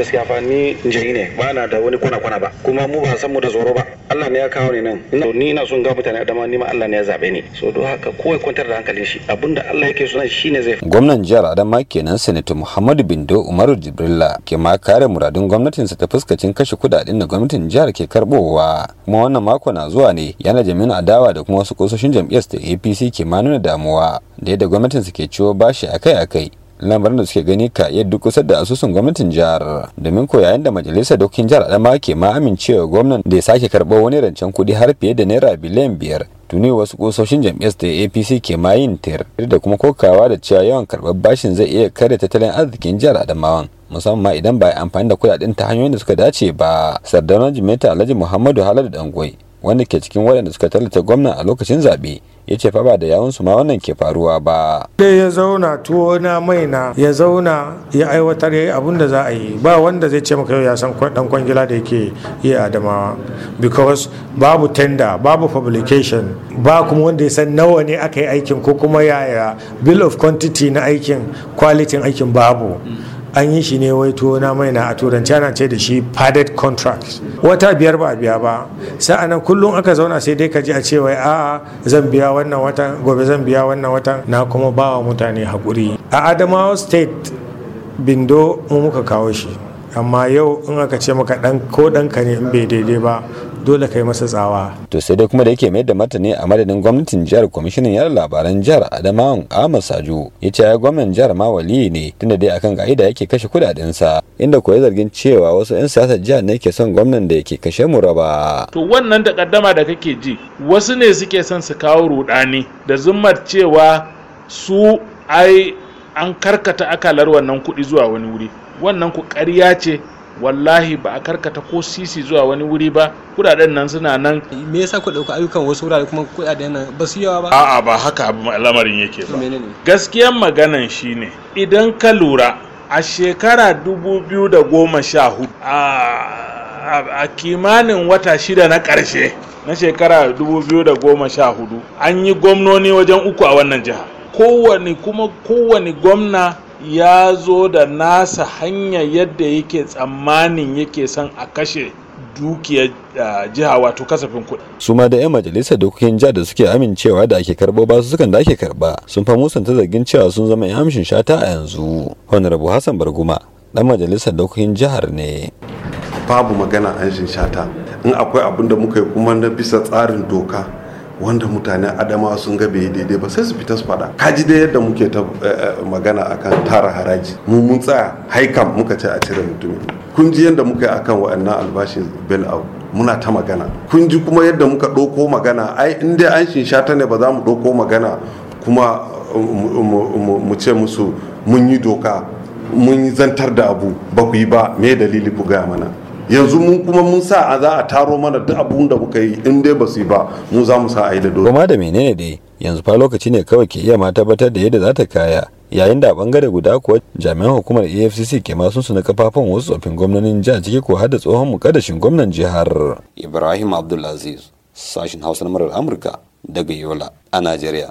gaskiya fa ni jiri ne ba na da wani kwana kwana ba kuma mu ba san mu da tsoro ba Allah ne ya kawo ni nan ni ina son ga mutane adama ni ma Allah ne ya zabe ni so don haka kowa kwantar da hankalin shi abinda Allah yake so shine zai gwamnan jihar Adama kenan Sanata Muhammadu Bindo Umaru Jibrilla ke ma kare gwamnatin sa ta fuskacin kashe kudaden da gwamnatin jihar ke karbowa kuma wannan mako na zuwa ne yana jami'in adawa da kuma wasu kososhin jam'iyyar APC ke ma nuna damuwa da yadda gwamnatin su ke ciwo bashi akai-akai lamarin da suke gani ka iya kusa da asusun gwamnatin jihar domin ko yayin da majalisar dokin jihar adama ke ma amincewa gwamnan da ya sake karɓo wani rancen kuɗi har fiye da naira biliyan biyar tuni wasu kusoshin jam'iyyar da apc ke ma yin tir da kuma kokawa da cewa yawan karɓar bashin zai iya kare tattalin arzikin jihar adamawan musamman idan ba a amfani da kuɗaɗen ta hanyoyin da suka dace ba sardar jimeta alhaji muhammadu haladu dangoi wanda ke cikin waɗanda suka tallata gwamna a lokacin zaɓe ya ce fa ba da yawun su ma wannan ke faruwa ba dai ya zauna tuwo na mai na ya zauna ya aiwatar ya yi abun da za a yi ba wanda zai ce maka yau ya san dan kwangila da yake yi adamawa because babu tender babu publication ba kuma wanda ya san nawa ne aka yi aikin ko kuma yaya bill of quantity na aikin kwalitin aikin babu an yi shi ne wai tuwo na maina a turanci ana ce da shi padded contract wata biyar ba a biya ba sa'anan kullum aka zauna sai dai ka ji a cewa wai zan biya wannan watan gobe zan biya wannan watan na kuma bawa mutane haƙuri a adamawa state bindo mu muka kawo shi amma yau in aka ce maka ko ɗanka ne in bai daidai ba dole kai masa tsawa. To sai dai kuma da yake mai da martani a madadin gwamnatin jihar kwamishinan yar labaran jihar adamawa Ahmad Sajo ya ce ya gwamnan jihar ma wali ne tunda dai akan gaida yake kashe kudadensa inda koyi zargin cewa wasu 'yan siyasar jihar ne ke son gwamnan da yake kashe mu raba. To wannan takaddama da kake ji wasu ne suke son su kawo rudani da zummar cewa su ai an karkata akalar wannan kuɗi zuwa wani wuri wannan ku ƙarya ce wallahi ba a karkata ko sisi zuwa wani wuri ba kudaden nan suna nan me yasa ku dauka ayyukan wasu wurare kuma kudaden nan ba su yawa ba a'a ba haka abu al'amarin yake ba gaskiyar maganan shine idan ka lura a shekara 2014 a kimanin wata shida na karshe na shekara 2014 an yi gwamnoni wajen uku a wannan jiha kowane kuma kowane gwamna ya zo da nasa hanya yadda yake tsammanin yake son a kashe dukiyar jiha wato kasafin kuɗi. su ma da 'yan majalisar dokokin jihar da suke amincewa da ake karɓo ba su sukan da ake karɓa sun fa musanta zargin cewa sun zama 'yan amshin shata a yanzu honorable hassan barguma dan majalisar dokokin jihar ne babu magana amshin shata in akwai abin da muka yi kuma na bisa tsarin doka wanda mutanen adama sun ga bai daidai ba sai su fita su faɗa kaji dai yadda muke ta eh, eh, magana akan tara haraji mu mun tsaya haikan muka ce a cire mutumin kun ji yadda muka yi akan wa'annan albashin bail out muna ta magana kun ji kuma yadda muka ɗauko magana ai in dai an shinsha ta ne ba za mu ɗauko magana kuma um, um, um, mu ce musu mun yi doka mun yi zantar da abu ba ku yi ba me dalili ku gaya mana yanzu mun kuma mun sa a za a taro mana duk abun da muka yi in dai ba su ba mu za mu sa a yi da dole. Kuma da menene dai yanzu fa lokaci ne kawai ke iya ma tabbatar da yadda za ta kaya yayin da a bangare guda kuwa jami'an hukumar afcc ke masu sun na kafafan wasu tsofin gwamnanin jihar ciki ko har tsohon tsohon mukaddashin gwamnan jihar ibrahim abdulaziz sashin hausa na murar amurka daga yola a najeriya